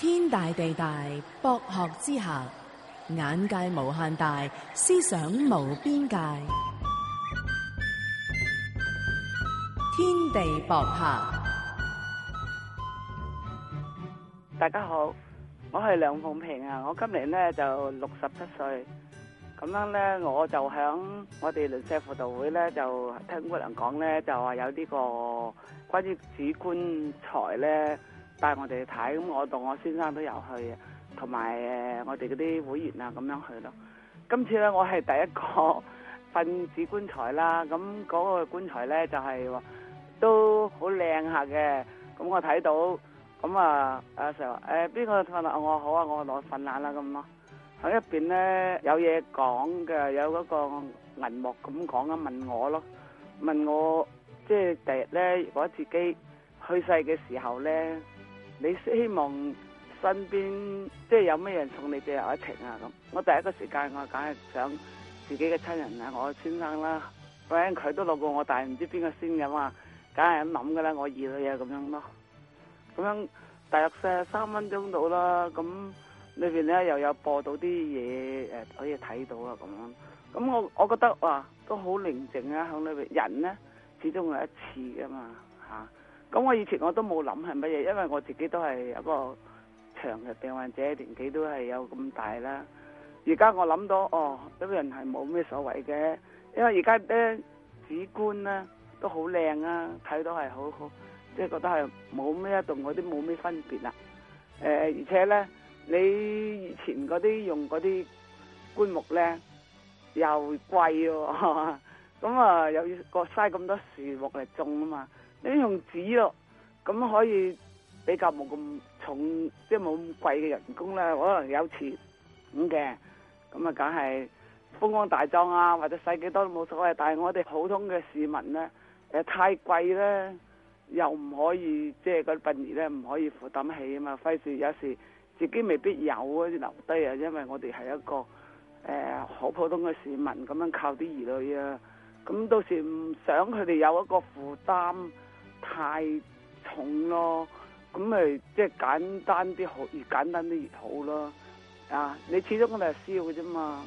天大地大，博學之下，眼界無限大，思想無邊界。天地博客，大家好，我係梁鳳平啊！我今年咧就六十七歲，咁樣咧我就響我哋鄰舍輔導會咧就聽姑娘講咧就話有呢個關於紙棺材咧。帶我哋去睇，咁我同我先生都有去啊，同埋誒我哋嗰啲會員啊咁樣去咯。今次咧我係第一個瞓 紙棺材啦，咁嗰個棺材咧就係話都好靚下嘅。咁我睇到，咁啊阿 sir 話誒邊個瞓我好啊？我攞瞓下啦咁咯。喺一邊咧有嘢講嘅，有嗰個銀幕咁講啊，問我咯，問我即係第日咧如果自己去世嘅時候咧。你希望身邊即係有咩人送你最後一程啊咁？我第一個時間，我梗係想自己嘅親人啊，我先生啦，反正佢都老過我，但係唔知邊個先嘅嘛，梗係咁諗嘅啦，我二女啊咁樣咯。咁樣大約四十三分鐘到啦，咁裏邊咧又有播到啲嘢誒可以睇到啊咁樣。咁我我覺得哇都好寧靜裡啊，響裏邊人咧始終係一次嘅嘛嚇。咁我以前我都冇諗係乜嘢，因為我自己都係一個長期病患者，年紀都係有咁大啦。而家我諗到哦，一般人係冇咩所謂嘅，因為而家咧紙棺咧都好靚啊，睇到係好好，即、就、係、是、覺得係冇咩一棟嗰啲冇咩分別啦。誒、呃，而且咧，你以前嗰啲用嗰啲棺木咧又貴喎、啊，咁 啊又要個嘥咁多樹木嚟種啊嘛。你用紙咯，咁可以比較冇咁重，即係冇咁貴嘅人工啦。可能有錢咁嘅，咁、嗯、啊，梗係風光大葬啊，或者使幾多都冇所謂。但係我哋普通嘅市民咧，誒太貴咧，又唔可以即係嗰啲殯儀咧，唔可以負擔起啊嘛。費事有時自己未必有啊，留低啊。因為我哋係一個誒好、呃、普通嘅市民，咁樣靠啲兒女啊，咁到時唔想佢哋有一個負擔。太重咯，咁咪即係簡單啲好，越簡單啲越好咯。啊，你始終我哋係燒嘅啫嘛。